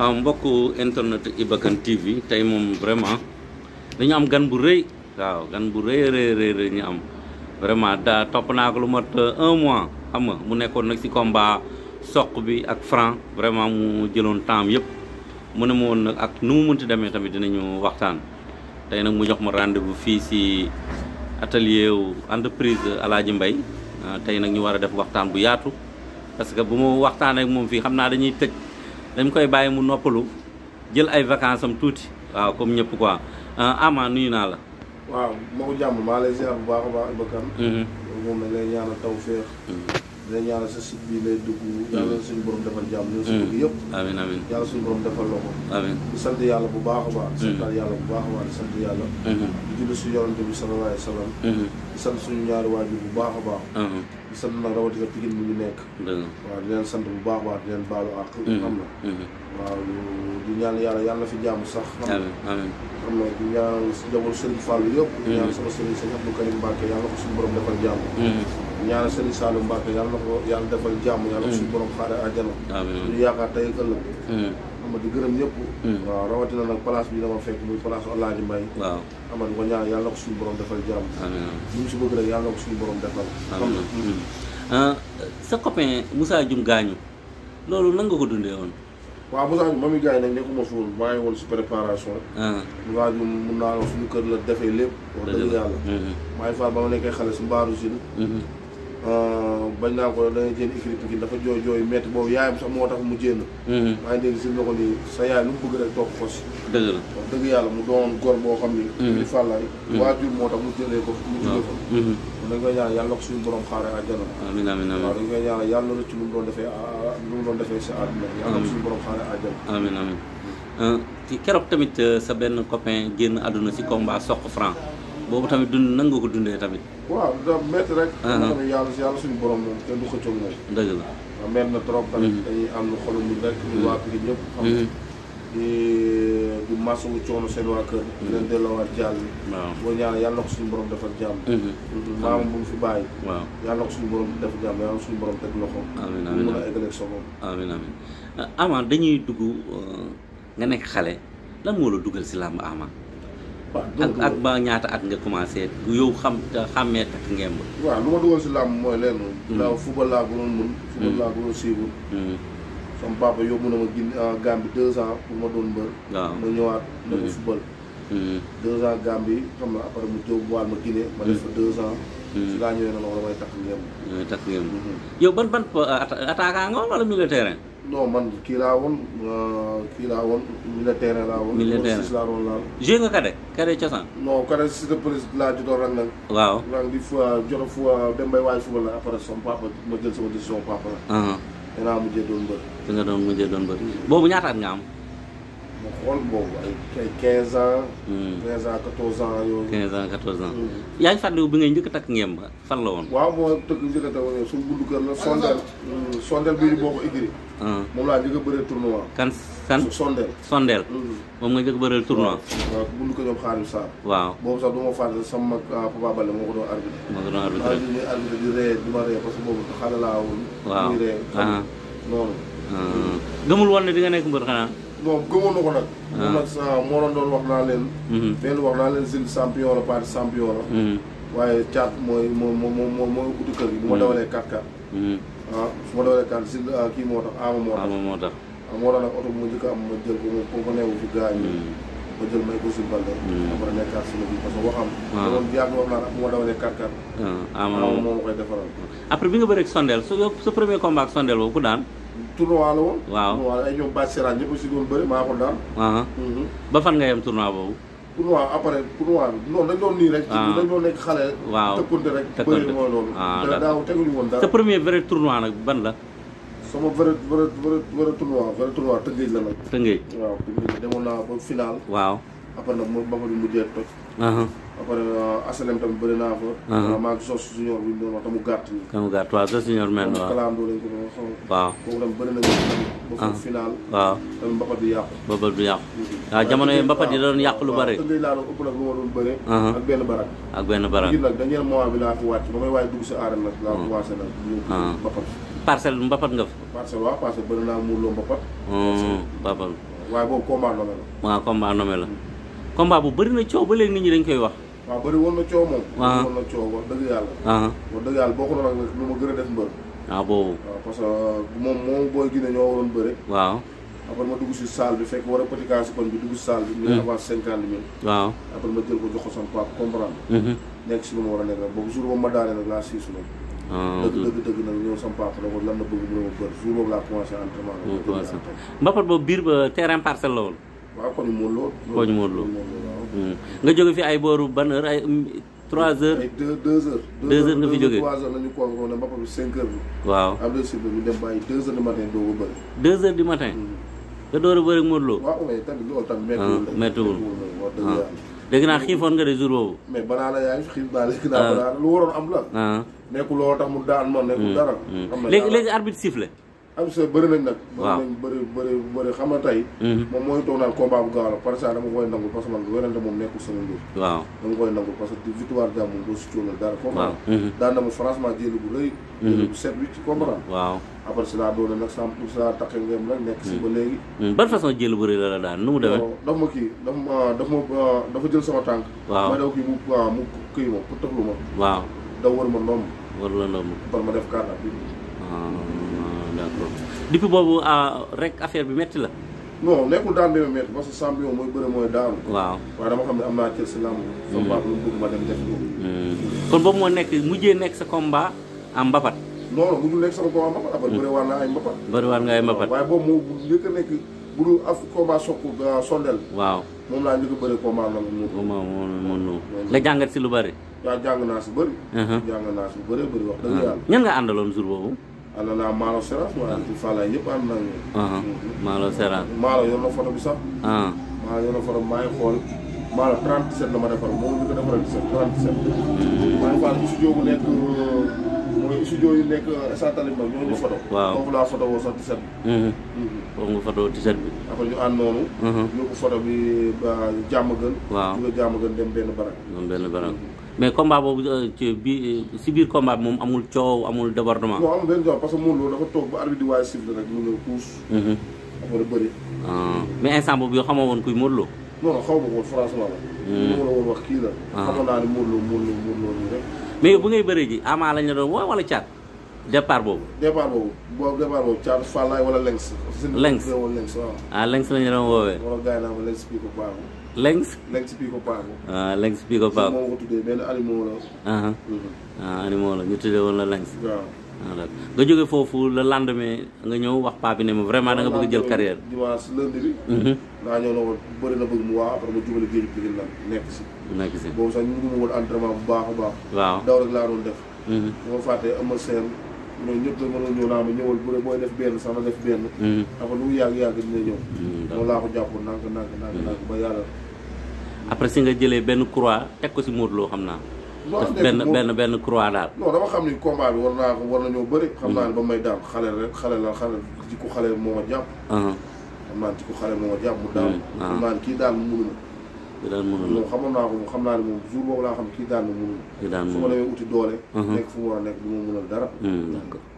am mbokku internet ibakan TV tay mom vraiment dañu am gan bu reuy waaw gan bu reuy reuy reuy rëy ñu am vraiment da top na ko lu mot 1 mois xam nga mu nekkon nak ci combat soq bi ak franc vraiment mu jëlon temps yëpp mu ne mon nak ak nu mu mënti démé tamit dinañu waxtaan tay nak mu jox ma rendez-vous fi ci atelier wu entreprise aladji Mbay ah, tay nak ñu wara def waxtaan bu yaatu parce que bu mu waxtaan ak mom fi xamna dañuy tejj dañ koy bàyyi mu noppalu jël ay vacances am tuuti waaw comme ñëpp quoi euh, Ama nuyu naa la. waaw maa ngi jàmm bu baax a baax Iba Kane. moom la lay ñaanal taw féex. Mhm. dina ñaanal sa site bii ngay dugg. Mm. yàlla suñu borom defal jàmm. ñun suñu dugg mm. yëpp. amiin amiin yàlla suñu borom defal la bu baax a baax. Mm. sant yàlla bu baax a baax di mm-hmm. wa sallam. Mm-hmm. di suñu ñaari waajur bu baax a baax. Mm-hmm. di sant nag rawatina Pikine mu ngi nekk. waaw di leen sant bu baax a baax di leen baalu àq. xam na waaw yàlla fi jàmm sax. amiin amiin xam nga di ñaan si jamono Serigne Fallou yëpp. di ñaan sama Serigne Serigne Abdou Karim Mbacke yàlla suñu borom defal jàmm. ñaanal Serigne Saliou Mbacke yàlla na ko yàlla defal jàmm yàlla na mm. suñu borom xaare àjjana suñu yaakaar tey ëllëg mm. ama di gërëm ñëpp mm. waaw rawatina nag place bi dama fekk muy place Alaaji Mbay waaw ama di ko ñaan yàlla na ko defal jàmm ñu si bëgg rek yàlla na ko suñu borom defal ah, sa copain Moussa Dioum gaañu loolu nan nga ko dundee woon waaw Moussa Dioum ma muy gaañ nag nekkuma fi woon maa ngi woon si préparation ah. Moussa Dioum mun naa la suñu kër la defee lépp wax dëgg yàlla maa ngi far nekkee xale si mbaaru sin mm-hmm. Euh, bañ naa ko da ngay jënd écrit Pikine dafa jooy jooy métti boobu yaayam sax moo tax mu jénn mhm. maa ngi dégg si na ko sa yaay lu mu bëgg rek topp ko si dëgg la dëgg yàlla mu doon góor boo xam ni mhm. di fàllaay mhm. waajur moo tax mu jëlee ko mu jëlee ko dañ koy yàlla ko suñu borom xaaree àjjana amiin amiin yàlla rëcc lu mu doon defee ah, ah, lu mu doon defee si àdduna yàlla ko suñu borom xaaree àjjana amiin amiin ci euh, keroog tamit euh, sa benn copain génn àdduna si combat soq franc boobu tamit dund nan ko dundee tamit. waaw da rek. tamit ah, ah. yàlla suñu borom moom kenn du xëccoo moom. dëgg la waaw na trop tamit. Mm-hmm. dañuy am na xolu mu rek. ñu mm-hmm. waa ñëpp xam mm-hmm. di di masawu coono seen waa kër. di leen boo ñaanal yàlla na ko suñu borom defal jàmm. maam bu mu fi bàyyi. waaw yàlla na ko suñu borom def jàmm yàlla na suñu borom teg loxo. amiin amiin mu mën a eggaleeg ah, dañuy dugg euh, nga nekk xale lan moo la dugal si làmb Ama. ak ak ba ñaata at nga commencé yow xam xàmmee takk ngemb waaw lu ma dugal si làmb mooy leen hmm. la football laa ko doon mën football hmm. laa ko doon siiwul hmm. sama papa yóbbu na ma gin ah, Gambie deux ans ma doon mbër waaw ma ñëwaat dama football deux ans Gambie xam na après mu jóg ma Guinée ma def fa deux ans si laa ñëwee na ma war a may takk ngemb takk ngemb yow ban ban ah, attaquant nga wala milieu terrain non man kii laa woon euh, kii laa woon militaire laa woon. militaire laa woon laal. joué nga kade kade cosaan. non si de police laa jotoon rang nag. waaw rang di fois euh, joxe fois euh, dem bay waay football la après sama papa ma jël sama décision papa la. danaa uh-huh. mujjee doon bëri. da nga doon mujjee doon bëri. boobu ñaataat nga am. ma xool boobu ay 15 ans. 15 hmm. ans 14 ans yooyu. 15 ans 14 ans. Hmm. yaa ngi fàttaliwu ngay njëkk a takk ngeem ba la woon. waaw a takk gudd kër la sondeel. Hmm, sondeel bii boo ko Ah. moom laa njëkk a bëreel tournoi. kan kan sondeel sondeel mm-hmm. moom nga njëkk a bëreel tournoi. waaw buñu ko ñoom xaarim Sarr. waaw boobu sax du ma fàtte sama ah, papa Bale moo ko doon arbitre. moo ko doon arbitre maa ngi arbitre di ree di ma ree parce que boobu xale laa woon. waaw muy ree ah. noonu. gëmul woon ne di nga nekk mbër xanaa. non gëmoon na ko nag. moom nag sa moo doon wax naa leen. Mm-hmm. benn wax naa leen zil champion la parti champion la. Mm-hmm. waaye caat mooy moo moo moo mooy uti kër gi. bu ma dawalee 4-4. waaw ah, su ma doonee kan si ah, kii moo tax aama moo tax aama moo tax ah, moo tax nag oto bu ma njëkk a am ma jël ko moom comme que newu fi gaañu hmm. ma jël may ko suñu balde bi parce que waxam doon ma koy defaral après bi nga bëreeg sondeel su sa premier combat ak sondeel boobu ku daan tournoi la woon waaw tournoi ay ñoom bàcc seraan ñëpp si doon bëri maa ko hmm. ba fan nga yem tournoi boobu tournoi après tournoi bi non dañ doon nii rek. waaw ah. dañ doon nekk xale. waaw tëkkunte rek bëri na mooy loolu. waaw ah, daaw teguñu premier vrai tournoi nag ban la. sama vrai vrai vrai vrai tournoi vrai tournoi Tëngéej la nag. Tëngéej waaw Tëngéej demoon naa ba final. waaw après nag moom Mamadou mujjee toj. Uh-huh. après asalem euh, H&M tamit bëri naa fa. maa ngi sos suñu yor bi ñu doon wax te uh-huh. mbapat du yàqu. mbapat mm-hmm. ah, yi mbapat yi da doon yàq lu bëri. waaw tëgg laa doon ëpp nag lu ma doon bëree. Uh-huh. ak benn barak. ak benn barak ngir nag dernier mois ba may waaye dugg si arène nag. laa uh-huh. commencé mbapat. nga fa. parcelle waaw parcelle bëri naa la. waaw bu bëri na coow ba léegi nit ñi dañ koy wax waaw bëri woon na coow moom. Ah. bëri woon na coow dëgg yàlla. wax dëgg yàlla ah. bokkul nag lu ma gën a def mbër. waaw ah, boobu. waaw parce que moom moom booy Guinée ñoo waroon bëri. waaw. après ma dugg si salle bi fekk war a petit cas kon bi dugg si salle bi. ñu hmm. hmm. nekk si lu ma war a nekk nag boobu jour boobu ma daanee nag laa siisu nag. dëgg dëgg dëgg nag ñëw sama papa ne ko la bëgg mu ne ma bër jour boobu laa commencé entraînement. mbapat boobu biir ba terrain parcelle la woon. waaw koñu Modou Lo. koñu Modou Lo hmm. fi ay booru ban heure ay mm, trois heures. ay deux deux heures. deux heures nga la ñu convoqué woon ba pare cinq waaw am na suba ñu dem ba ay deux heures doo ko bëri. deux heures du hmm. a bëri ak Modou Lo. waaw mais tamit ah, ah. naa xiifoon nga de jour boobu. mais banaa la ah. lu waroon am la. nekkul loolu tax mu daan ma nekkul hmm. dara. léegi léegi arbitre sifflé. am sa bëri nañ nag. bëri nañ bëri bëri xam nga tey. Mm-hmm. moom mooy toog naan combat bu gaaw la parce que mm-hmm. na ma franchement jëli bu mm-hmm. doon nag cent pour cent taqe ngeen rek nekk si ba léegi. ban façon jëli bu rëy la la daan nu mu demee. dafa ma kii dafa ma ma ah, dafa jël sama tànk. waaw ma daw kii mu ah, mu kii ma waaw daw wër ma ndomb. wër la ndomb. par ma def kàddaa bi. depuis boobu euh, rek affaire bi métti la. non nekkul daan bi ma métti parce que champion mooy bëre mooy daanu. waaw waaye dama xam ne am naa cër si làmb. Mm. Mm. kon boobu moo nekk mujjee nekk sa combat am mbapat. non non mujjul nekk sama combat mbapat après mm. bëriwaat naa ay mbapat. bëriwaat nga ay mbapat waaye boobu moo njëkk a nekk bu euh, moom a bëri combat nag mu. combat moom nga jàngat si lu bari waaw jàng naa si bëri. Uh-huh. jàng naa si lu bëri bëri wax dëgg ñan nga àndaloon jour boobu. alala Maalo Seras mooy anti Fala yëpp a nañu. Uh-huh. Maalo Seras. Maalo yor na photo bi sax. Uh-huh. Maalo yor na photo bi maa ngi xool Maalo 37 la ma defar moom la ñu ko defaral 37 37. maa ngi faal bu si jógu nekk. mooy studio yu nekk santali ba ñoo ñu photo waaw foofu laa photo woo sax tiset bi mhm. mhm. foofu nga photo tiset bi après ñu ànd noonu mhm. yóbbu photo bi ba jàmm gën waaw jóge jàmm gën dem benn barak dem benn barak mais combat boobu euh, ci bi si biir combat moom amul coow amul débordement non amul benn coow parce que moom loolu dafa toog ba arbitre di waaye sifle rek mu ñëw puus après bëri ah. mais instant boobu yoo hmm. ah. rek. mais yow bu ngay bëree ji Ama lañ la doon woo wala caat départ boobu. départ boobu boobu départ boobu caat Fallaye wala Lengs. Lengs ah la doon woowee. wala gars yi naan Lengs Pico Pago. Lengs. Lengs Pico Pago. ah Lengs Pico Pago. moom moo ko animal la. Ah, ah. Mm-hmm. Ah, animal la ñu tuddee woon la Lengs. nga jóge foofu le lendemain nga ñëw wax paa ne ma vraiment da nga bëgg jël carrière. dimanche lundi bi. naa mhm. ñëw na ko bëri na bëgg la nekk si. nekk si boobu sax ñu ngi woon entraînement bu baax a baax. waaw daw rek laa doon def. bu mhm. ma fàttee am na seen ñooñu ñëpp dañu mënoon ñëw naa ma ñëwal bu dee booy def benn sax na def benn. Mhm. après lu mu yàgg yàgg dina ñëw. loolu si nga jëlee benn croix teg ko si Modou loo xam naa. benn benn benn croix daal non dama xam ni combat bi war naa ko war nañoo bëri xam hmm. naa ne ba may daan xale rek xale la xale ci ku xale moo ma jàpp uh-huh. xam naa ci moo ma jàpp mu daan kii daal mu mënuma kii daan mu mënuma moom naa ko moom xam naa ne moom laa xam kii daan mu mënuma kii daan mu doole uh-huh. nekk fu mu a nekk du ma mënal dara hmm,